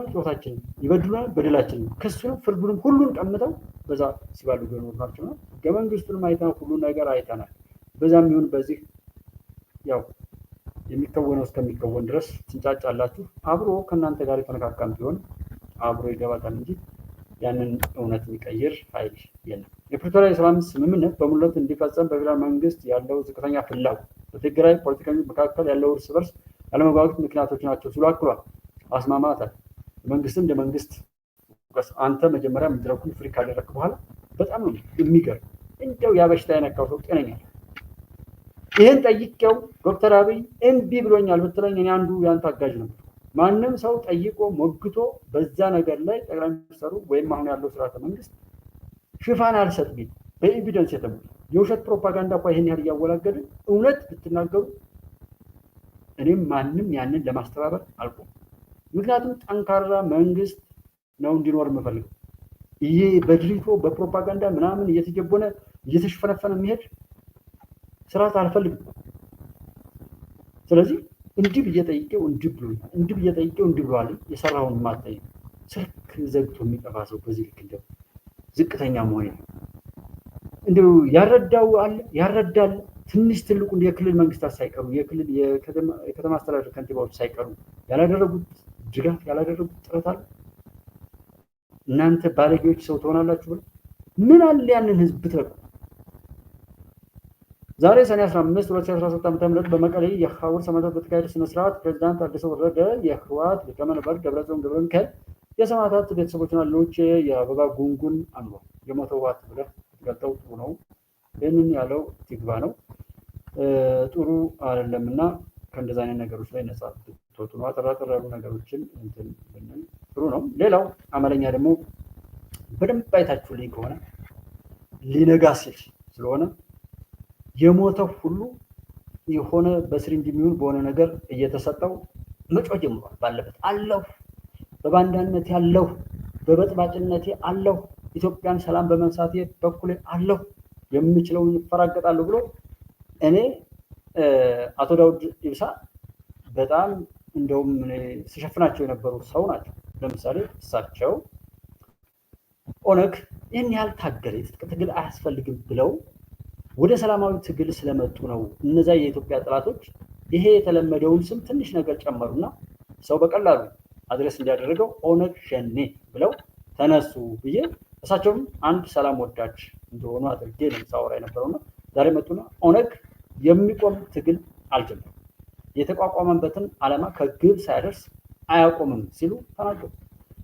ይበድሉናል፣ ጮታችን ይበድሉናል፣ በደላችን ክሱንም ፍርዱንም ሁሉን ቀምተው በዛ ሲባሉ ናቸው ነው። ህገ መንግስቱንም አይተናል፣ ሁሉን ነገር አይተናል። በዛም ይሁን በዚህ ያው የሚከወነው እስከሚከወን ድረስ ትንጫጫላችሁ። አብሮ ከእናንተ ጋር የተነካካም ቢሆን አብሮ ይገባታል እንጂ ያንን እውነት የሚቀይር ኃይል የለም። የፕሪቶሪያ የሰላም ስምምነት በሙሉነት እንዲፈጸም በፌዴራል መንግስት ያለው ዝቅተኛ ፍላጎት በትግራይ ፖለቲከኞች መካከል ያለው እርስ በርስ ያለመግባባት ምክንያቶች ናቸው ሲሉ አክሏል። አስማማታል። መንግስትም እንደ መንግስት አንተ መጀመሪያ መድረኩን ፍሪ ካደረክ በኋላ በጣም ነው የሚገርም። እንደው ያ በሽታ የነካው ሰው ጤነኛ ይህን ጠይቄው ዶክተር አብይ እምቢ ብሎኛል ብትለኝ እኔ አንዱ ያንተ አጋዥ ነው። ማንም ሰው ጠይቆ ሞግቶ በዛ ነገር ላይ ጠቅላይ ሚኒስትሩ ወይም አሁን ያለው ስርዓተ መንግስት ሽፋን አልሰጥ ቢል በኤቪደንስ የተሞላ የውሸት ፕሮፓጋንዳ እኳ ይህን ያህል እያወላገድን እውነት ብትናገሩ እኔም ማንም ያንን ለማስተባበር አልቆም ምክንያቱም ጠንካራ መንግስት ነው እንዲኖር የምፈልገው። ይሄ በድሪቶ በፕሮፓጋንዳ ምናምን እየተጀቦነ እየተሸፈነፈነ የሚሄድ ስርዓት አልፈልግም። ስለዚህ እንዲህ ብዬ ጠይቄው እንዲህ ብሎኛል፣ እንዲህ ብዬ ጠይቄው እንዲህ ብሏል። የሰራውን ማጠይቅ ስልክ ዘግቶ የሚጠፋ ሰው በዚህ ልክ እንደው ዝቅተኛ መሆን ነው። እንዲሁ ያረዳው አለ ያረዳል ትንሽ ትልቁ የክልል መንግስታት ሳይቀሩ የክልል የከተማ አስተዳደር ከንቲባዎች ሳይቀሩ ያላደረጉት ድጋፍ ያላደረጉት ጥረት አለ። እናንተ ባለጌዎች ሰው ትሆናላችሁ ብለው ምን አለ ያንን ህዝብ ብትለቁ። ዛሬ ሰኔ 15 2017 ዓ ም በመቀሌ የሐውር ሰማዕታት በተካሄደ ስነስርዓት ፕሬዚዳንት አዲስ ወረደ፣ የህወሓት ሊቀመንበር ደብረጽዮን ገብረሚካኤል፣ የሰማዕታት ቤተሰቦችና ሌሎች የአበባ ጉንጉን አኑሯል። የሞተ ህወሓት ብለህ ጥሩ ነው። ይህንን ያለው ትግባ ነው ጥሩ አይደለምና ከእንደዚ አይነት ነገሮች ላይ ነጻ ቶቶሎ አጠራጠር ያሉ ነገሮችን እንትን ብንል ጥሩ ነው። ሌላው አማርኛ ደግሞ በደንብ አይታችሁ ላይ ከሆነ ሊነጋ ሲል ስለሆነ የሞተ ሁሉ የሆነ በስሪንጅ የሚሆን በሆነ ነገር እየተሰጠው መጮ ጀምሯል። ባለበት አለሁ፣ በባንዳነቴ አለሁ፣ በበጥባጭነቴ አለሁ፣ ኢትዮጵያን ሰላም በመንሳቴ በኩሌ አለሁ፣ የምችለውን ይፈራገጣለሁ ብሎ እኔ አቶ ዳውድ ኢብሳ በጣም እንደውም ሲሸፍናቸው የነበሩ ሰው ናቸው። ለምሳሌ እሳቸው ኦነግ ይህን ያህል ታገለ፣ የትጥቅ ትግል አያስፈልግም ብለው ወደ ሰላማዊ ትግል ስለመጡ ነው። እነዚ የኢትዮጵያ ጥላቶች ይሄ የተለመደውን ስም ትንሽ ነገር ጨመሩና ሰው በቀላሉ አድረስ እንዲያደረገው ኦነግ ሸኔ ብለው ተነሱ ብዬ እሳቸውም አንድ ሰላም ወዳጅ እንደሆኑ አድርጌ ለምሳወራ የነበረውና ዛሬ መጡና ኦነግ የሚቆም ትግል አልጀመርም የተቋቋመበትን ዓላማ ከግብ ሳያደርስ አያቆምም ሲሉ ተናገሩ።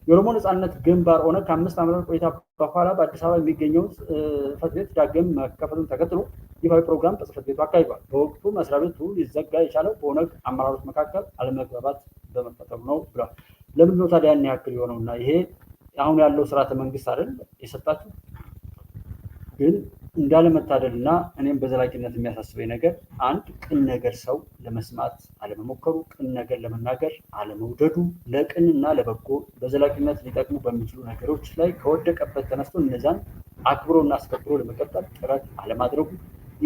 የኦሮሞ ነፃነት ግንባር ኦነግ ከአምስት ዓመታት ቆይታ በኋላ በአዲስ አበባ የሚገኘውን ጽህፈት ቤት ዳግም መከፈቱን ተከትሎ ይፋዊ ፕሮግራም በጽህፈት ቤቱ አካሂዷል። በወቅቱ መስሪያ ቤቱ ሊዘጋ የቻለው በኦነግ አመራሮች መካከል አለመግባባት በመፈጠሩ ነው ብሏል። ለምንድን ነው ታዲያ ያን ያክል የሆነውእና ይሄ አሁን ያለው ስርዓተ መንግስት አይደል የሰጣችሁ ግን እንዳለመታደል እና እኔም በዘላቂነት የሚያሳስበኝ ነገር አንድ ቅን ነገር ሰው ለመስማት አለመሞከሩ፣ ቅን ነገር ለመናገር አለመውደዱ፣ ለቅን እና ለበጎ በዘላቂነት ሊጠቅሙ በሚችሉ ነገሮች ላይ ከወደቀበት ተነስቶ እነዛን እና አስከብሮ ለመቀጠል ጥረት አለማድረጉ፣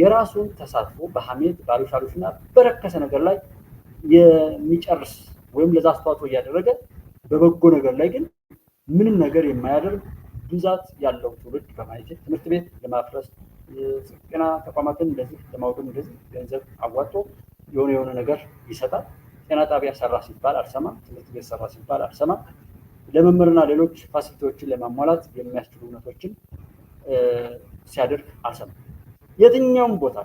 የራሱን ተሳትፎ በሐሜት ባሉሻሉሽና በረከሰ ነገር ላይ የሚጨርስ ወይም ለዛ አስተዋጽኦ እያደረገ በበጎ ነገር ላይ ግን ምንም ነገር የማያደርግ ብዛት ያለው ትውልድ በማየት ትምህርት ቤት ለማፍረስ ጤና ተቋማትን እንደዚህ ለማውደም እንደዚህ ገንዘብ አዋጥቶ የሆነ የሆነ ነገር ይሰጣል። ጤና ጣቢያ ሰራ ሲባል አልሰማም፣ ትምህርት ቤት ሰራ ሲባል አልሰማም። ለመምህርና ሌሎች ፋሲሊቲዎችን ለማሟላት የሚያስችሉ እውነቶችን ሲያደርግ አልሰማም። የትኛውም ቦታ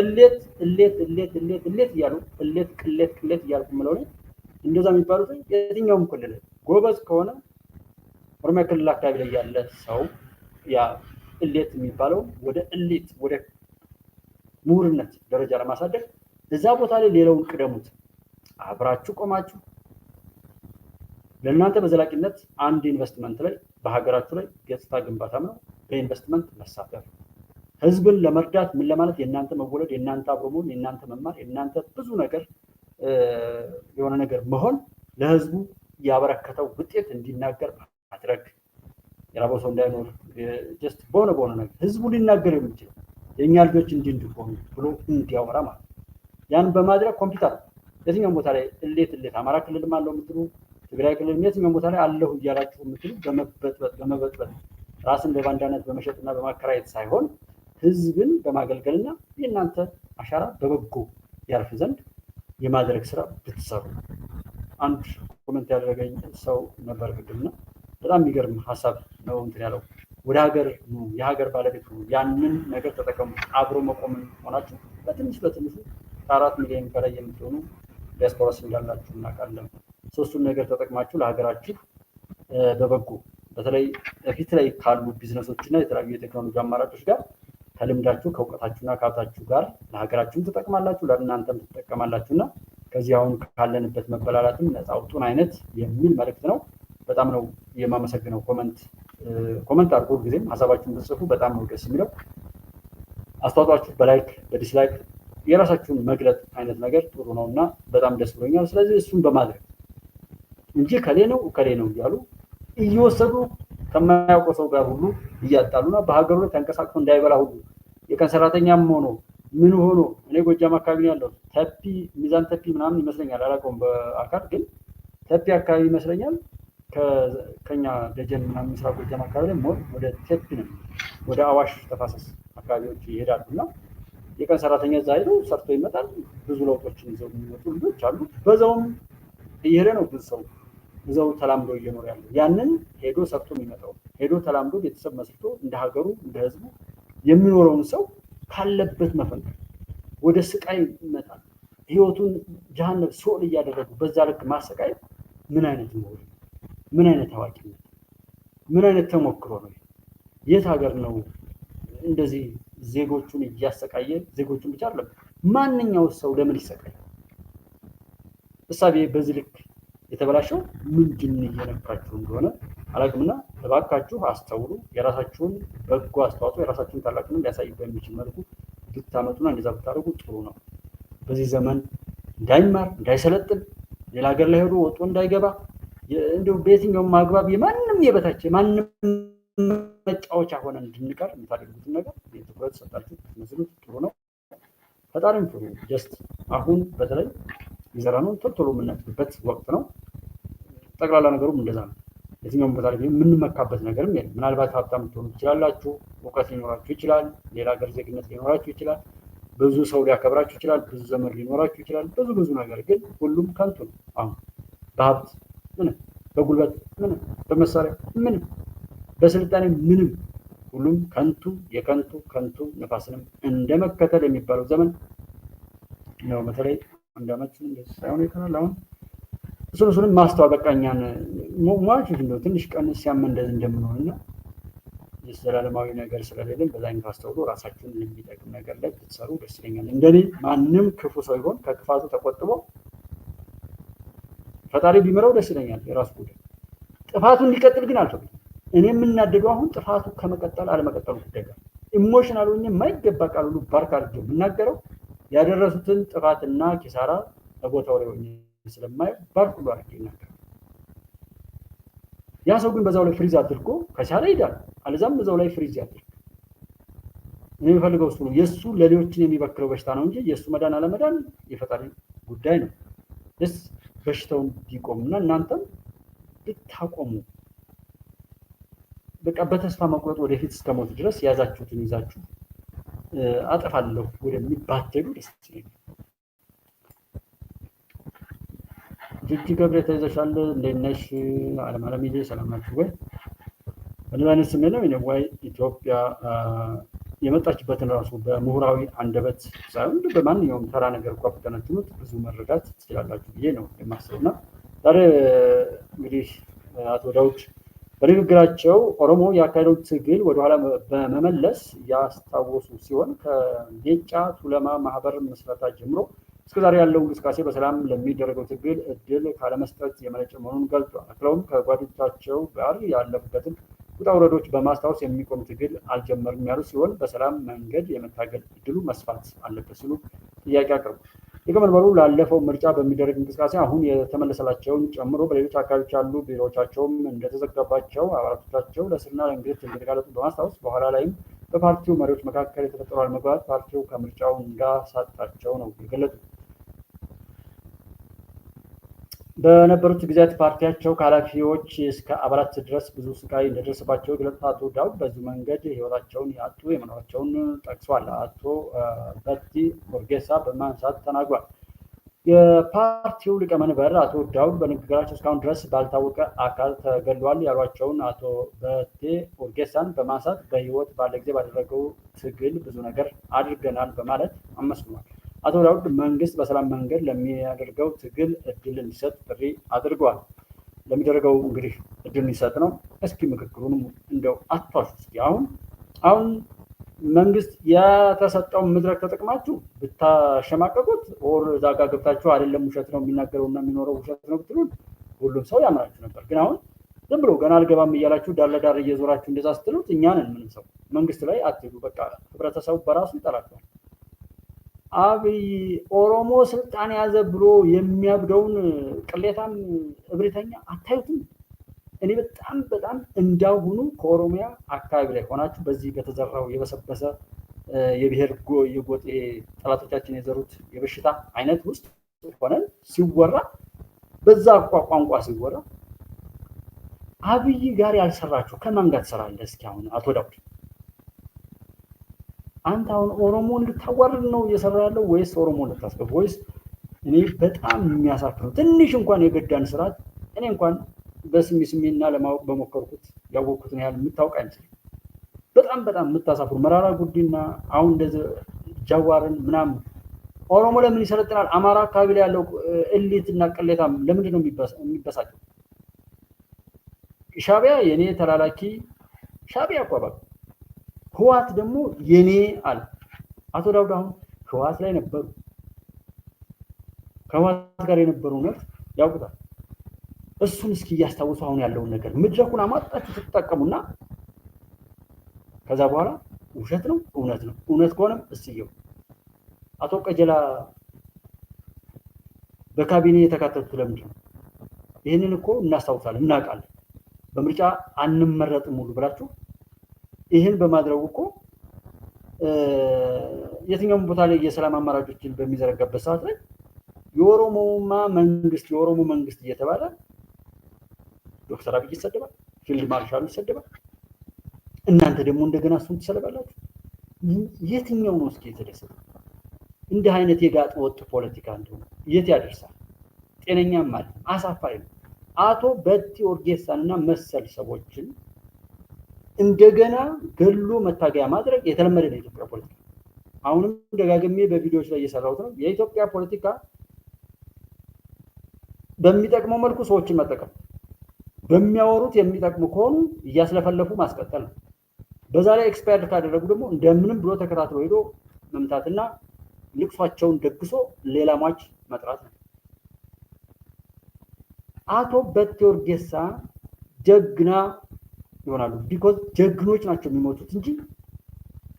እሌት እሌት እሌት እሌት እሌት እያሉ እሌት ቅሌት ቅሌት እያልኩ ምለው እንደዛ የሚባሉት የትኛውም ክልል ጎበዝ ከሆነ ኦሮሚያ ክልል አካባቢ ላይ ያለ ሰው ያ እሌት የሚባለው ወደ እሌት ወደ ምሁርነት ደረጃ ለማሳደግ እዛ ቦታ ላይ ሌላውን ቅደሙት። አብራችሁ ቆማችሁ ለእናንተ በዘላቂነት አንድ ኢንቨስትመንት ላይ በሀገራችሁ ላይ ገጽታ ግንባታም ነው በኢንቨስትመንት መሳተፍ ህዝብን ለመርዳት ምን ለማለት የእናንተ መወለድ የእናንተ አብሮ መሆን የእናንተ መማር የእናንተ ብዙ ነገር የሆነ ነገር መሆን ለህዝቡ ያበረከተው ውጤት እንዲናገር ማድረግ የራበው ሰው እንዳይኖር ጀስት በሆነ በሆነ ነገር ህዝቡ ሊናገር የሚችለው የእኛ ልጆች እንዲ እንዲሆኑ ብሎ እንዲያወራ ማለት ያን በማድረግ ኮምፒውተር የትኛውም ቦታ ላይ እሌት እሌት አማራ ክልልም አለው የምትሉ ትግራይ ክልልም የትኛውም ቦታ ላይ አለሁ እያላችሁ የምትሉ በመበጥበጥ በመበጥበጥ ራስን በባንዳነት በመሸጥና በማከራየት ሳይሆን ህዝብን በማገልገልና የእናንተ አሻራ በበጎ ያርፍ ዘንድ የማድረግ ስራ ብትሰሩ። አንድ ኮመንት ያደረገኝ ሰው ነበር ነው በጣም የሚገርም ሀሳብ ነው እንትን ያለው ወደ ሀገር የሀገር ባለቤት ያንን ነገር ተጠቀሙ። አብሮ መቆምን ሆናችሁ በትንሽ በትንሹ ከአራት ሚሊዮን በላይ የምትሆኑ ዲያስፖራስ እንዳላችሁ እናውቃለን። ሶስቱን ነገር ተጠቅማችሁ ለሀገራችሁ በበጎ በተለይ በፊት ላይ ካሉ ቢዝነሶች እና የተለያዩ የቴክኖሎጂ አማራጮች ጋር ከልምዳችሁ ከእውቀታችሁና ከሀብታችሁ ጋር ለሀገራችሁም ትጠቅማላችሁ፣ ለእናንተም ትጠቀማላችሁ እና ከዚህ አሁን ካለንበት መበላላትም ነፃ አይነት የሚል መልክት ነው። በጣም ነው የማመሰግነው። ኮመንት ኮመንት አድርጎ ጊዜም ሀሳባችሁን ብጽፉ በጣም ነው ደስ የሚለው። አስተዋጽኦአችሁ በላይክ በዲስላይክ የራሳችሁን መግለጥ አይነት ነገር ጥሩ ነው እና በጣም ደስ ብሎኛል። ስለዚህ እሱን በማድረግ እንጂ ከሌ ነው ከሌ ነው እያሉ እየወሰዱ ከማያውቀው ሰው ጋር ሁሉ እያጣሉና በሀገሩ ላይ ተንቀሳቅሶ እንዳይበላ ሁሉ የቀን ሰራተኛም ሆኖ ምን ሆኖ እኔ ጎጃም አካባቢ ነው ያለው። ተፒ ሚዛን ተፒ ምናምን ይመስለኛል አላውቀውም በአካል ግን ተፒ አካባቢ ይመስለኛል ከኛ ደጀን ምናምን ምስራቅ ጎጃም አካባቢ ላይ ሞር ወደ ቴፒንም ወደ አዋሽ ተፋሰስ አካባቢዎች ይሄዳሉ እና የቀን ሰራተኛ እዛ ሄዶ ሰርቶ ይመጣል። ብዙ ለውጦችን ይዘው የሚመጡ ልጆች አሉ። በዛውም እየሄደ ነው ብዙ ሰው እዛው ተላምዶ እየኖር ያለ ያንን ሄዶ ሰርቶ የሚመጣው ሄዶ ተላምዶ ቤተሰብ መስርቶ እንደ ሀገሩ እንደ ህዝቡ የሚኖረውን ሰው ካለበት መፈንቀል ወደ ስቃይ ይመጣል። ህይወቱን ጃሃነብ ሶል እያደረጉ በዛ ልክ ማሰቃየት ምን አይነት ነው? ምን አይነት ታዋቂነት፣ ምን አይነት ተሞክሮ ነው? የት ሀገር ነው እንደዚህ ዜጎቹን እያሰቃየ? ዜጎቹን ብቻ አይደለም ማንኛው ሰው ለምን ይሰቃያል? እሳቤ በዚህ ልክ የተበላሸው ምንድን እየነካችሁ እንደሆነ አላውቅምና እባካችሁ አስተውሉ። የራሳችሁን በጎ አስተዋጽኦ የራሳችሁን ታላቅነ ሊያሳይ በሚችል መልኩ ብታመጡና እንደዛ ብታደርጉ ጥሩ ነው። በዚህ ዘመን እንዳይማር እንዳይሰለጥን ሌላ ሀገር ላይ ሄዶ ወጦ እንዳይገባ እንዲሁም በየትኛውም ማግባብ የማንም የበታች የማንም መጫወቻ ሆነ እንድንቀር የምታደርጉትን ነገር ትኩረት ሰጣችሁ መስሉት ጥሩ ነው። ፈጣሪም ጥሩ ጀስት አሁን በተለይ የዘራ ቶሎ ቶሎ ወቅት ነው። ጠቅላላ ነገሩም እንደዛ ነው። የትኛውም ቦታ ላይ የምንመካበት ነገርም የለም። ምናልባት ሀብታም ልትሆኑ ትችላላችሁ። እውቀት ሊኖራችሁ ይችላል። ሌላ ሀገር ዜግነት ሊኖራችሁ ይችላል። ብዙ ሰው ሊያከብራችሁ ይችላል። ብዙ ዘመን ሊኖራችሁ ይችላል። ብዙ ብዙ ነገር ግን ሁሉም ከንቱ ነው። አሁን በሀብት ምንም፣ በጉልበት ምንም፣ በመሳሪያ ምንም፣ በስልጣኔ ምንም፣ ሁሉም ከንቱ የከንቱ ከንቱ ነፋስንም እንደመከተል የሚባለው ዘመን ነው። በተለይ አንድ አመት ሳይሆን ይቀራል አሁን እሱን እሱንም ማስተዋል በቃ ሟቾች እንደው ትንሽ ቀን ሲያመን እንደምንሆን እና ዘላለማዊ ነገር ስለሌለን በዛ አይነት አስተውሎ ራሳችሁን የሚጠቅም ነገር ላይ ብትሰሩ ደስ ይለኛል። እንደኔ ማንም ክፉ ሰው ይሆን ከክፋቱ ተቆጥቦ ፈጣሪ ቢምረው ደስ ይለኛል፣ የራሱ ጉዳይ። ጥፋቱ እንዲቀጥል ግን አልፈቅድም። እኔ የምናደደው አሁን ጥፋቱ ከመቀጠል አለመቀጠሉ ጉዳይ ጋር ኢሞሽናል ሆኜ የማይገባ ቃል ሁሉ ባርክ አድርጌ የምናገረው ያደረሱትን ጥፋትና ኪሳራ ለቦታው ላይ ሆኜ ስለማይ ባርክ ሁሉ አድርጌ ይናገራል። ያ ሰው ግን በዛው ላይ ፍሪዝ አድርጎ ከቻለ ይዳል፣ አለዛም በዛው ላይ ፍሪዝ ያድርግ። እኔ የሚፈልገው እሱ ነው። የእሱ ለሌሎችን የሚበክለው በሽታ ነው እንጂ የእሱ መዳን አለመዳን የፈጣሪ ጉዳይ ነው ደስ በሽታው እንዲቆም እና እናንተም ብታቆሙ በቃ በተስፋ መቁረጥ ወደፊት እስከሞት ድረስ ያዛችሁትን ይዛችሁ አጠፋለሁ ወደሚባደሉ ደስ ይለኛል። ጅጅ ገብረ ተይዘሻል፣ እንዴት ነሽ? አለም አለም ይዜ ሰላም ናችሁ ወይ? በነዛነት ስሜ ነው ወይ ኢትዮጵያ የመጣችበትን ራሱ በምሁራዊ አንደበት ሳይሆን በማንኛውም ተራ ነገር እኳ ብታነትኑት ብዙ መረዳት ትችላላችሁ ብዬ ነው የማስበው እና ዛሬ እንግዲህ አቶ ዳውድ በንግግራቸው ኦሮሞ ያካሄደው ትግል ወደኋላ በመመለስ ያስታወሱ ሲሆን ከጌጫ ቱለማ ማህበር ምስረታ ጀምሮ እስከዛሬ ያለው እንቅስቃሴ በሰላም ለሚደረገው ትግል እድል ካለመስጠት የመነጨ መሆኑን ገልጧል። አክለውም ከጓዶቻቸው ጋር ያለፉበትን ውጣ ውረዶች በማስታወስ የሚቆም ትግል አልጀመርም ያሉ ሲሆን በሰላም መንገድ የመታገል እድሉ መስፋት አለበት ሲሉ ጥያቄ አቅርቡ። ሊቀመንበሩ ላለፈው ምርጫ በሚደረግ እንቅስቃሴ አሁን የተመለሰላቸውን ጨምሮ በሌሎች አካባቢዎች ያሉ ቢሮዎቻቸውም እንደተዘጋባቸው አባላቶቻቸው ለእስርና ለእንግልት እንደተጋለጡ በማስታወስ በኋላ ላይም በፓርቲው መሪዎች መካከል የተፈጠሩ አለመግባባት ፓርቲው ከምርጫው እንዳሳጣቸው ነው የገለጡት። በነበሩት ጊዜያት ፓርቲያቸው ከኃላፊዎች እስከ አባላት ድረስ ብዙ ስቃይ እንደደረሰባቸው የገለጹት አቶ ዳውድ በዚህ መንገድ ህይወታቸውን ያጡ የመኖራቸውን ጠቅሷል። አቶ በቲ ጎርጌሳ በማንሳት ተናግሯል። የፓርቲው ሊቀመንበር አቶ ዳውድ በንግግራቸው እስካሁን ድረስ ባልታወቀ አካል ተገድሏል ያሏቸውን አቶ በቴ ኦርጌሳን በማንሳት በህይወት ባለ ጊዜ ባደረገው ትግል ብዙ ነገር አድርገናል በማለት አመስግኗል። አቶ ዳውድ መንግስት በሰላም መንገድ ለሚያደርገው ትግል እድል እንዲሰጥ ጥሪ አድርገዋል። ለሚደረገው እንግዲህ እድል እንዲሰጥ ነው። እስኪ ምክክሩንም እንደው አቷሹት። አሁን አሁን መንግስት የተሰጠውን መድረክ ተጠቅማችሁ ብታሸማቀቁት ኦር እዛ ጋ ገብታችሁ አይደለም ውሸት ነው የሚናገረው እና የሚኖረው ውሸት ነው ብትሉን ሁሉም ሰው ያምናችሁ ነበር። ግን አሁን ዝም ብሎ ገና አልገባም እያላችሁ ዳር ለዳር እየዞራችሁ እንደዛ ስትሉት እኛንን ምንም ሰው መንግስት ላይ አትሄዱ። በቃ ህብረተሰቡ በራሱ ይጠላቸዋል። አብይ ኦሮሞ ስልጣን ያዘ ብሎ የሚያብደውን ቅሌታም እብሪተኛ አታዩትም? እኔ በጣም በጣም እንዳሁኑ ከኦሮሚያ አካባቢ ላይ ሆናችሁ በዚህ በተዘራው የበሰበሰ የብሔር የጎጤ ጠላቶቻችን የዘሩት የበሽታ አይነት ውስጥ ሆነን ሲወራ በዛ ቋንቋ ሲወራ አብይ ጋር ያልሰራችሁ ከማን ጋር ትሰራለህ? እስኪ አሁን አቶ ዳውድ አንተ አሁን ኦሮሞን ልታዋርድ ነው እየሰራ ያለው ወይስ ኦሮሞን ልታስከፍ ወይስ እኔ በጣም የሚያሳፍር ነው። ትንሽ እንኳን የገዳን ስርዓት እኔ እንኳን በስሜ ስሜና ለማወቅ በሞከርኩት ያወቅኩትን ያህል የምታውቅ አይመስለኝም። በጣም በጣም የምታሳፍሩ መራራ ጉዲና፣ አሁን እንደዚህ ጃዋርን ምናምን ኦሮሞ ለምን ይሰለጥናል? አማራ አካባቢ ላይ ያለው እሊት እና ቅሌታ ለምንድን ነው የሚበሳጨው? ሻቢያ የእኔ ተላላኪ ሻቢያ እኮ ህዋት ደግሞ የኔ አለ። አቶ ዳውድ አሁን ህዋት ላይ ነበሩ። ከህዋት ጋር የነበሩ ነፍስ ያውቁታል። እሱን እስኪ እያስታውሱ አሁን ያለውን ነገር መድረኩን አማጣችሁ ስትጠቀሙና ከዛ በኋላ ውሸት ነው እውነት ነው እውነት ከሆነም እስየው። አቶ ቀጀላ በካቢኔ የተካተቱት ለምንድን ነው? ይህንን እኮ እናስታውሳለን፣ እናውቃለን። በምርጫ አንመረጥም ሙሉ ብላችሁ ይህን በማድረጉ እኮ የትኛውም ቦታ ላይ የሰላም አማራጮችን በሚዘረጋበት ሰዓት ላይ የኦሮሞማ መንግስት የኦሮሞ መንግስት እየተባለ ዶክተር አብይ ይሰደባል፣ ፊልድ ማርሻሉ ይሰደባል። እናንተ ደግሞ እንደገና እሱን ትሰለባላችሁ። የትኛው ነው እስኪ የተደሰተ? እንዲህ አይነት የጋጥ ወጥ ፖለቲካ እንደሆነ የት ያደርሳል? ጤነኛም ማለት አሳፋሪ ነው። አቶ በቲ ኦርጌሳን እና መሰል ሰዎችን እንደገና ገሎ መታገያ ማድረግ የተለመደ ነው የኢትዮጵያ ፖለቲካ። አሁንም ደጋግሜ በቪዲዮዎች ላይ እየሰራሁት ነው። የኢትዮጵያ ፖለቲካ በሚጠቅመው መልኩ ሰዎችን መጠቀም፣ በሚያወሩት የሚጠቅሙ ከሆኑ እያስለፈለፉ ማስቀጠል ነው። በዛ ላይ ኤክስፓየርድ ካደረጉ ደግሞ እንደምንም ብሎ ተከታትሎ ሄዶ መምታትና ልቅሷቸውን ደግሶ ሌላ ሟች መጥራት ነው። አቶ በቴ ኡርጌሳ ጀግና ይሆናሉ። ቢኮዝ ጀግኖች ናቸው የሚሞቱት እንጂ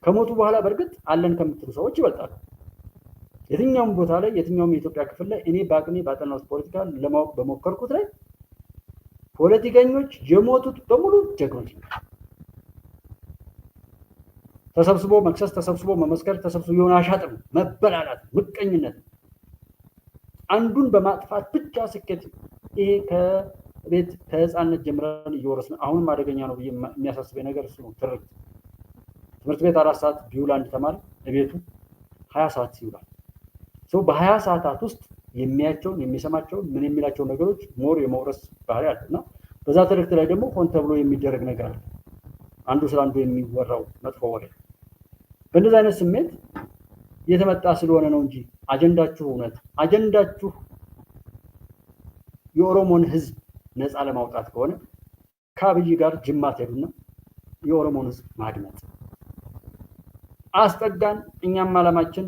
ከሞቱ በኋላ በእርግጥ አለን ከምትሉ ሰዎች ይበልጣሉ። የትኛውም ቦታ ላይ የትኛውም የኢትዮጵያ ክፍል ላይ እኔ በአቅሜ ባጠናሁት ፖለቲካ ለማወቅ በሞከርኩት ላይ ፖለቲከኞች የሞቱት በሙሉ ጀግኖች ናቸው። ተሰብስቦ መክሰስ፣ ተሰብስቦ መመስከር፣ ተሰብስቦ የሆነ አሻጥር ነው፣ መበላላት፣ ምቀኝነት አንዱን በማጥፋት ብቻ ስኬት ይሄ ቤት ከህፃንነት ጀምረን እየወረስን አሁንም አደገኛ ነው ብዬ የሚያሳስበኝ ነገር እሱ ነው። ትርክት ትምህርት ቤት አራት ሰዓት ቢውል አንድ ተማሪ ቤቱ ሀያ ሰዓት ይውላል። ሰው በሀያ ሰዓታት ውስጥ የሚያቸውን የሚሰማቸውን ምን የሚላቸው ነገሮች ሞር የመውረስ ባህሪ አለ እና በዛ ትርክት ላይ ደግሞ ሆን ተብሎ የሚደረግ ነገር አለ። አንዱ ስለ አንዱ የሚወራው መጥፎ ወሬ በእንደዚህ አይነት ስሜት የተመጣ ስለሆነ ነው እንጂ አጀንዳችሁ እውነት አጀንዳችሁ የኦሮሞን ህዝብ ነፃ ለማውጣት ከሆነ ከአብይ ጋር ጅማ ትሄዱና የኦሮሞን ህዝብ ማድመጥ አስጠጋን። እኛም አላማችን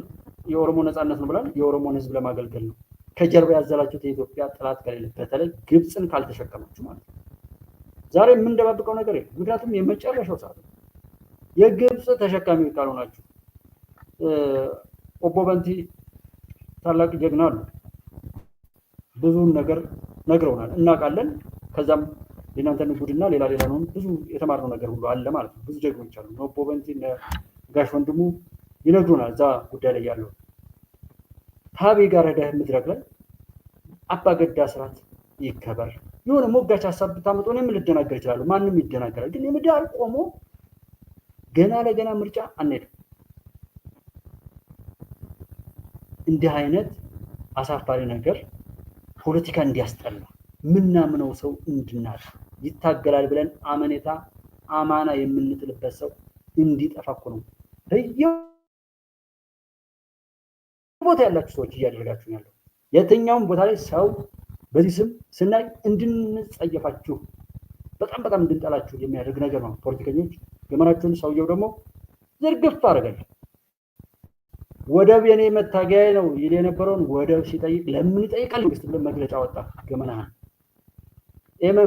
የኦሮሞ ነፃነት ነው ብላል። የኦሮሞን ህዝብ ለማገልገል ነው። ከጀርባ ያዘላችሁት የኢትዮጵያ ጥላት ከሌለ በተለይ ግብፅን ካልተሸከማችሁ ማለት ነው። ዛሬ የምንደባብቀው ነገር የለም። ምክንያቱም የመጨረሻው ሰዓት ነው። የግብፅ ተሸካሚዎች ካልሆናችሁ ኦቦ በንቲ ታላቅ ጀግና አሉ። ብዙውን ነገር ነግረውናል፣ እናውቃለን። ከዛም የእናንተ ንጉድና ሌላ ሌላ ነው ብዙ የተማርነው ነገር ሁሉ አለ ማለት ነው። ብዙ ጀግኖች አሉ። ኖቦበንቲ ጋሽ ወንድሙ ይነግሩናል። እዛ ጉዳይ ላይ ያለው ታቤ ጋር ደህ ምድረግ ላይ አባገዳ ስርዓት ይከበር የሆነ ሞጋች ሀሳብ ብታመጡ እኔም ልደናገር ይችላሉ። ማንም ይደናገራል። ግን የምዳር ቆሞ ገና ለገና ምርጫ አንሄድም። እንዲህ አይነት አሳፋሪ ነገር ፖለቲካ እንዲያስጠላ ምናምነው ሰው እንድናጣ ይታገላል ብለን አመኔታ አማና የምንጥልበት ሰው እንዲጠፋ እኮ ነው ቦታ ያላችሁ ሰዎች እያደረጋችሁ ያለው። የትኛውም ቦታ ላይ ሰው በዚህ ስም ስናይ እንድንጸየፋችሁ በጣም በጣም እንድንጠላችሁ የሚያደርግ ነገር ነው። ፖለቲከኞች የመናቸውን ሰውየው ደግሞ ዝርግፍ አደረጋለሁ። ወደብ የኔ መታገያ ነው ይል የነበረውን ወደብ ሲጠይቅ ለምን ይጠይቃል መንግስት ብሎ መግለጫ ወጣ። ገመናህን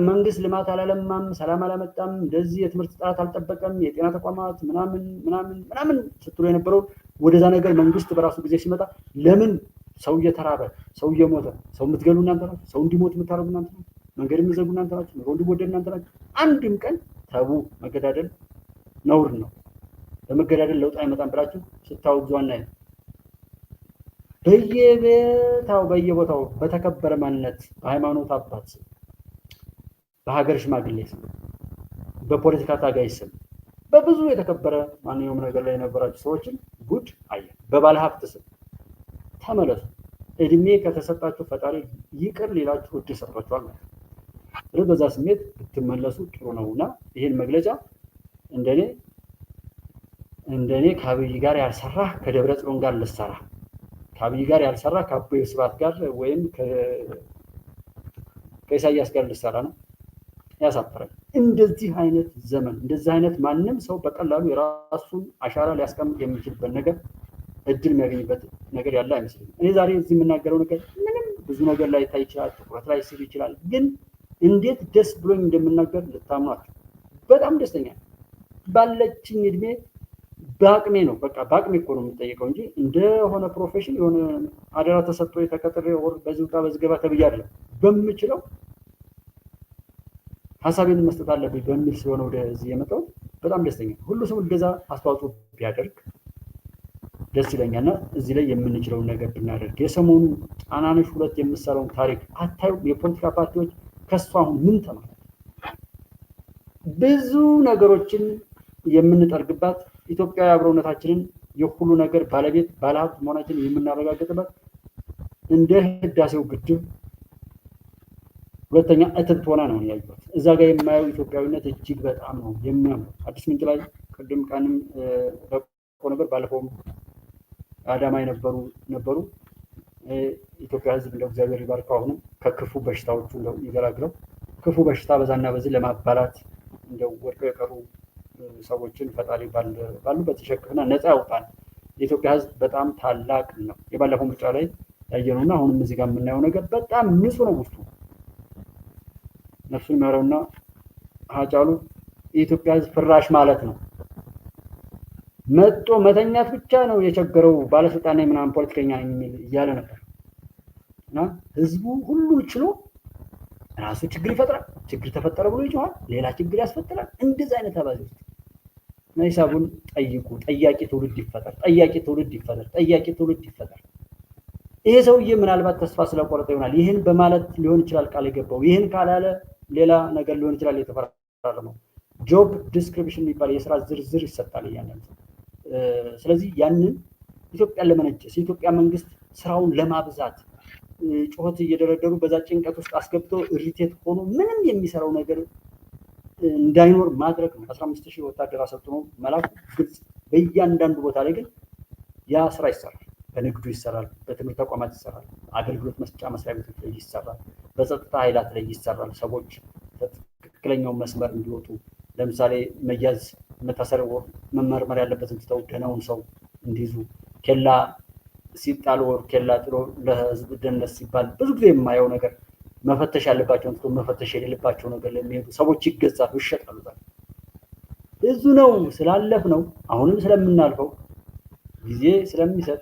መንግስት ልማት አላለማም፣ ሰላም አላመጣም፣ እንደዚህ የትምህርት ጥራት አልጠበቀም፣ የጤና ተቋማት ምናምን ምናምን ምናምን ስትሉ የነበረው ወደዛ ነገር መንግስት በራሱ ጊዜ ሲመጣ ለምን ሰው እየተራበ ሰው እየሞተ ሰው የምትገሉ እናንተ ናቸው፣ ሰው እንዲሞት የምታረጉ እናንተ ናቸው፣ መንገድ የምዘጉ እናንተ ናቸው፣ ኑሮ እንዲወደድ እናንተ ናቸው። አንድም ቀን ተቡ መገዳደል ነውር ነው፣ በመገዳደል ለውጥ አይመጣም ብላችሁ ስታወግዙ አናይም። በየቤታው በየቦታው በተከበረ ማንነት በሃይማኖት አባት ስም፣ በሀገር ሽማግሌ ስም፣ በፖለቲካ ታጋይ ስም፣ በብዙ የተከበረ ማንኛውም ነገር ላይ የነበራችሁ ሰዎችን ጉድ አየ። በባለሀብት ስም ተመለሱ። እድሜ ከተሰጣችሁ ፈጣሪ ይቅር ሌላችሁ እድል ሰጥቷችኋል ማለት ነው። በዛ ስሜት ብትመለሱ ጥሩ ነው እና ይህን መግለጫ እንደኔ እንደኔ ከአብይ ጋር ያልሰራህ ከደብረ ጽዮን ጋር ልሰራ ከአብይ ጋር ያልሰራ ከአቦ ስብሐት ጋር ወይም ከኢሳያስ ጋር ልሰራ ነው ያሳፈረኝ። እንደዚህ አይነት ዘመን እንደዚህ አይነት ማንም ሰው በቀላሉ የራሱን አሻራ ሊያስቀምጥ የሚችልበት ነገር እድል የሚያገኝበት ነገር ያለ አይመስልም። እኔ ዛሬ እዚህ የምናገረው ነገር ምንም ብዙ ነገር ላይ ይታይ ይችላል፣ ትኩረት ላይ ስብ ይችላል። ግን እንዴት ደስ ብሎኝ እንደምናገር ልታምኗቸው፣ በጣም ደስተኛ ባለችኝ እድሜ በአቅሜ ነው በቃ በአቅሜ እኮ ነው የምጠይቀው እንጂ እንደሆነ ፕሮፌሽን የሆነ አደራ ተሰጥቶ የተቀጥሬ ወር በዚህ ውጣ በዚህ ገባ ተብዬ በምችለው ሀሳቤን መስጠት አለብኝ በሚል ስለሆነ ወደዚህ የመጣው በጣም ደስተኛ ሁሉ ሰው እንደዛ አስተዋጽኦ ቢያደርግ ደስ ይለኛል። እና እዚህ ላይ የምንችለውን ነገር ብናደርግ የሰሞኑ ጣናነሽ ሁለት የምሰራውን ታሪክ አታዩም? የፖለቲካ ፓርቲዎች ከሱ አሁን ምን ተማራት? ብዙ ነገሮችን የምንጠርግባት ኢትዮጵያዊ አብሮነታችንን የሁሉ ነገር ባለቤት ባለሀብት መሆናችንን የምናረጋግጥበት እንደ ህዳሴው ግድብ ሁለተኛ እትብት ሆና ነው ያዩት። እዛ ጋር የማየው ኢትዮጵያዊነት እጅግ በጣም ነው የሚያምረው። አዲስ ምንጭ ላይ ቅድም ቀንም ለቆ ነበር፣ ባለፈውም አዳማ የነበሩ ነበሩ። ኢትዮጵያ ህዝብ እንደ እግዚአብሔር ይባርከው፣ አሁንም ከክፉ በሽታዎቹ እንደው ይገላግለው። ክፉ በሽታ በዛና በዚህ ለማባላት እንደው ወድቀው የቀሩ ሰዎችን ፈጣሪ ባሉበት ይሸክፍና ነፃ ያውጣል። የኢትዮጵያ ሕዝብ በጣም ታላቅ ነው። የባለፈው ምርጫ ላይ ያየነውና አሁንም እዚህ ጋር የምናየው ነገር በጣም ንጹህ ነው። ውስጡ ነፍሱን የሚያረውና ሀጫሉ የኢትዮጵያ ሕዝብ ፍራሽ ማለት ነው። መጦ መተኛት ብቻ ነው የቸገረው ባለስልጣን ምናምን ፖለቲከኛ የሚል እያለ ነበር። እና ህዝቡ ሁሉን ችሎ ራሱ ችግር ይፈጥራል። ችግር ተፈጠረ ብሎ ይጮሃል። ሌላ ችግር ያስፈጥራል። እንደዚህ አይነት አባዜ ውስጥ ሂሳቡን ጠይቁ። ጠያቂ ትውልድ ይፈጠር፣ ጠያቂ ትውልድ ይፈጠር፣ ጠያቂ ትውልድ ይፈጠር። ይሄ ሰውዬ ምናልባት ተስፋ ስለቆረጠ ይሆናል ይህን በማለት ሊሆን ይችላል ቃል የገባው። ይህን ካላለ ሌላ ነገር ሊሆን ይችላል የተፈራረመው። ጆብ ዲስክሪፕሽን የሚባል የስራ ዝርዝር ይሰጣል እያንዳንዱ። ስለዚህ ያንን ኢትዮጵያን ለመነጨስ የኢትዮጵያ መንግስት ስራውን ለማብዛት ጩኸት እየደረደሩ በዛ ጭንቀት ውስጥ አስገብቶ ሪቴት ሆኖ ምንም የሚሰራው ነገር እንዳይኖር ማድረግ ነው። አስራ አምስት ሺህ ወታደር አሰልጥኖ መላክ ግልጽ። በእያንዳንዱ ቦታ ላይ ግን ያ ስራ ይሰራል። በንግዱ ይሰራል፣ በትምህርት ተቋማት ይሰራል፣ አገልግሎት መስጫ መስሪያ ቤቶች ላይ ይሰራል፣ በጸጥታ ኃይላት ላይ ይሰራል። ሰዎች ትክክለኛውን መስመር እንዲወጡ ለምሳሌ መያዝ፣ መታሰር፣ መመርመር ያለበትን ትተው ደህናውን ሰው እንዲይዙ ኬላ ሲጣል ወር ኬላ ጥሎ ለህዝብ ደህንነት ሲባል ብዙ ጊዜ የማየው ነገር መፈተሽ ያለባቸው ትቶ መፈተሽ የሌለባቸው ነገር ለሚሄዱ ሰዎች ይገዛሉ፣ ይሸጣሉ። እዙ ነው ስላለፍ ነው አሁንም ስለምናልፈው ጊዜ ስለሚሰጥ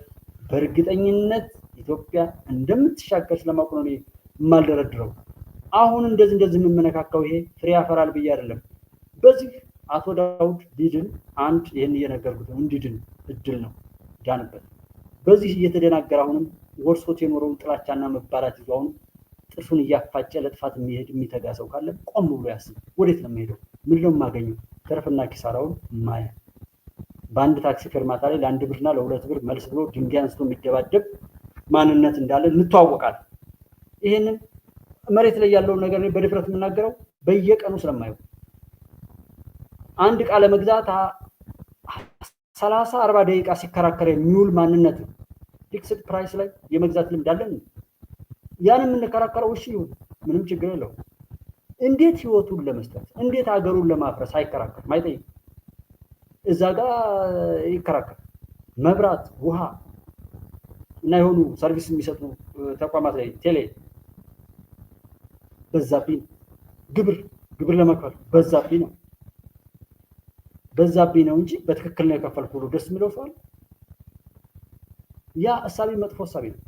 በእርግጠኝነት ኢትዮጵያ እንደምትሻገር ስለማውቅ ነው የማልደረድረው። አሁን እንደዚህ እንደዚህ የምመነካካው ይሄ ፍሬ ያፈራል ብዬ አይደለም። በዚህ አቶ ዳውድ ሊድን አንድ ይህን እየነገርኩት ነው እንዲድን እድል ነው ዳንበት። በዚህ እየተደናገረ አሁንም ወርሶት የኖረውን ጥላቻና መባላት ይዞ አሁንም ጥርሱን እያፋጨ ለጥፋት የሚሄድ የሚተጋ ሰው ካለ ቆም ብሎ ያስብ። ወዴት ነው የምሄደው? ነው የማገኘው? ተረፍና ኪሳራውን ማያ በአንድ ታክሲ ፌርማታ ላይ ለአንድ ብርና ለሁለት ብር መልስ ብሎ ድንጋይ አንስቶ የሚደባደብ ማንነት እንዳለ እንተዋወቃል። ይህንን መሬት ላይ ያለውን ነገር በድፍረት የምናገረው በየቀኑ ስለማየው አንድ ዕቃ ለመግዛት ሰላሳ አርባ ደቂቃ ሲከራከር የሚውል ማንነት ነው። ፊክስድ ፕራይስ ላይ የመግዛት ልምድ አለን። ያን የምንከራከረው እሺ ይሁን፣ ምንም ችግር የለው። እንዴት ህይወቱን ለመስጠት እንዴት ሀገሩን ለማፍረስ አይከራከር አይጠይቅም። እዛ ጋር ይከራከር መብራት፣ ውሃ እና የሆኑ ሰርቪስ የሚሰጡ ተቋማት ላይ ቴሌ በዛብኝ ነው። ግብር ግብር ለመክፈል በዛብኝ ነው በዛብኝ ነው እንጂ በትክክል ነው የከፈልኩ ብሎ ደስ የሚለው ሰዋል። ያ እሳቤ መጥፎ እሳቤ ነው።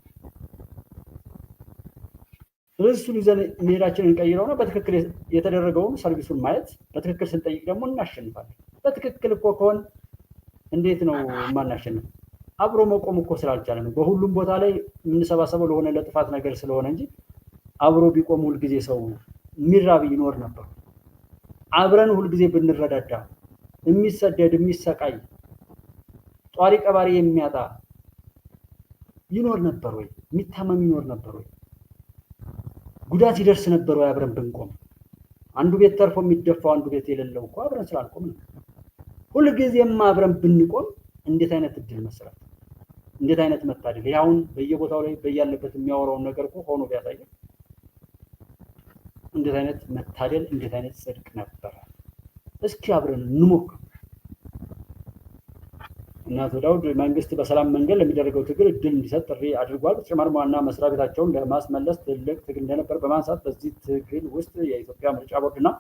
እሱን ይዘን መሄዳችንን ነው በትክክል የተደረገውን ሰርቪሱን ማየት በትክክል ስንጠይቅ ደግሞ እናሸንፋለን። በትክክል እኮ ከሆን እንዴት ነው የማናሸንፍ? አብሮ መቆም እኮ ስላልቻለ ነው። በሁሉም ቦታ ላይ የምንሰባሰበው ለሆነ ለጥፋት ነገር ስለሆነ እንጂ አብሮ ቢቆም ሁልጊዜ ሰው የሚራብ ይኖር ነበር። አብረን ሁልጊዜ ብንረዳዳ የሚሰደድ የሚሰቃይ ጧሪ ቀባሪ የሚያጣ ይኖር ነበር ወይ? የሚታመም ይኖር ነበር ወይ? ጉዳት ይደርስ ነበር ወይ አብረን ብንቆም? አንዱ ቤት ተርፎ የሚደፋው አንዱ ቤት የሌለው እኮ አብረን ስላልቆም ነው። ሁልጊዜም አብረን ብንቆም እንዴት አይነት እድል መስራት፣ እንዴት አይነት መታደል። ይህ በየቦታው ላይ በያለበት የሚያወራውን ነገር እኮ ሆኖ ቢያሳየ እንዴት አይነት መታደል፣ እንዴት አይነት ጽድቅ ነበረ። እስኪ አብረን እንሞክር። አቶ ዳውድ መንግስት በሰላም መንገድ ለሚደረገው ትግል እድል እንዲሰጥ ጥሪ አድርጓል። ተጨማሪም ዋና መስሪያ ቤታቸውን ለማስመለስ ትልቅ ትግል እንደነበር በማንሳት በዚህ ትግል ውስጥ የኢትዮጵያ ምርጫ ቦርድና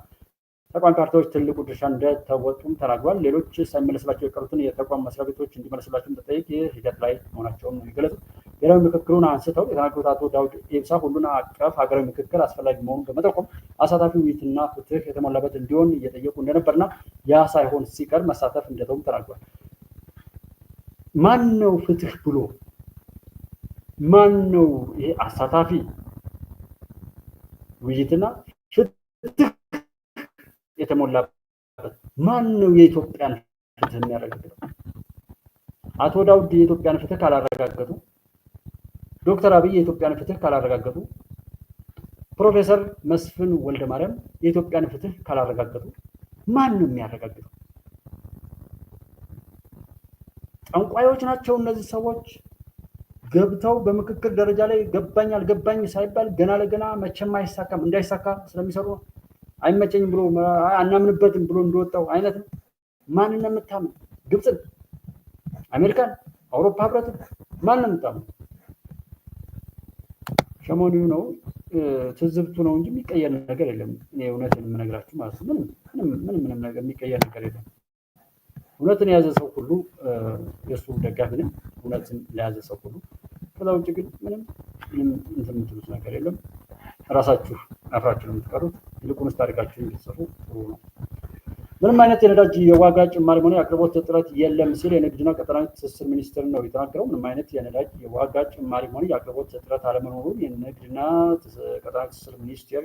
ተቋም ፓርቲዎች ትልቁ ድርሻ እንደተወጡም ተናግሯል። ሌሎች ሳይመለስላቸው የቀሩትን የተቋም መስሪያ ቤቶች እንዲመለስላቸው በጠይቅ ሂደት ላይ መሆናቸውን የገለጹት ብሔራዊ ምክክሩን አንስተው የተናገሩት አቶ ዳውድ ኤብሳ ሁሉን አቀፍ ሀገራዊ ምክክር አስፈላጊ መሆኑን በመጠቆም አሳታፊ ውይይትና ፍትህ የተሞላበት እንዲሆን እየጠየቁ እንደነበርና ያ ሳይሆን ሲቀር መሳተፍ እንደተውም ተናግሯል። ማን ነው ፍትህ ብሎ ማን ነው ይሄ አሳታፊ ውይይትና ፍትህ የተሞላበት ማን ነው የኢትዮጵያን ፍትህ የሚያረጋግጠው? አቶ ዳውድ የኢትዮጵያን ፍትህ ካላረጋገጡ፣ ዶክተር አብይ የኢትዮጵያን ፍትህ ካላረጋገጡ፣ ፕሮፌሰር መስፍን ወልደ ማርያም የኢትዮጵያን ፍትህ ካላረጋገጡ ማን ነው የሚያረጋግጠው? ጠንቋዮች ናቸው እነዚህ ሰዎች ገብተው በምክክር ደረጃ ላይ ገባኝ አልገባኝ ሳይባል ገና ለገና መቼም አይሳካም እንዳይሳካ ስለሚሰሩ አይመቸኝም ብሎ አናምንበትም ብሎ እንደወጣው አይነት ነው። ማንን የምታምን? ግብፅን፣ አሜሪካን፣ አውሮፓ ህብረትን ማንን የምታምን? ሸሞኒው ነው ትዝብቱ ነው እንጂ የሚቀየር ነገር የለም። እውነት የምነግራችሁ ማለት ነው። ምንም ምንም ነገር የሚቀየር ነገር የለም። እውነትን የያዘ ሰው ሁሉ የእሱ ደጋፊ ነው። እውነትን ለያዘ ሰው ሁሉ ከዛ ውጭ ግን ምንም ምንም እንትን የምትሉት ነገር የለም። ራሳችሁ አፍራችሁ ነው የምትቀሩት። ይልቁንስ ታሪካችሁን እንድትጽፉ ጥሩ ነው። ምንም አይነት የነዳጅ የዋጋ ጭማሪ ሆነ የአቅርቦት እጥረት የለም ሲል የንግድና ቀጠናዊ ትስስር ሚኒስቴር ነው የተናገረው። ምንም አይነት የነዳጅ የዋጋ ጭማሪ ሆነ የአቅርቦት እጥረት አለመኖሩን የንግድና ቀጠናዊ ትስስር ሚኒስቴር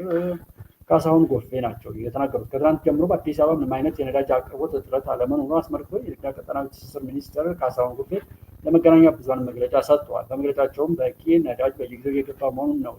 ካሳሁን ጎፌ ናቸው የተናገሩት። ከትናንት ጀምሮ በአዲስ አበባ ምንም አይነት የነዳጅ አቅርቦት እጥረት አለመኖሩን አስመልክቶ የንግድና ቀጠናዊ ትስስር ሚኒስትር ካሳሁን ጎፌ ለመገናኛ ብዙሃን መግለጫ ሰጥተዋል። በመግለጫቸውም በቂ ነዳጅ በየጊዜው እየገባ መሆኑን ነው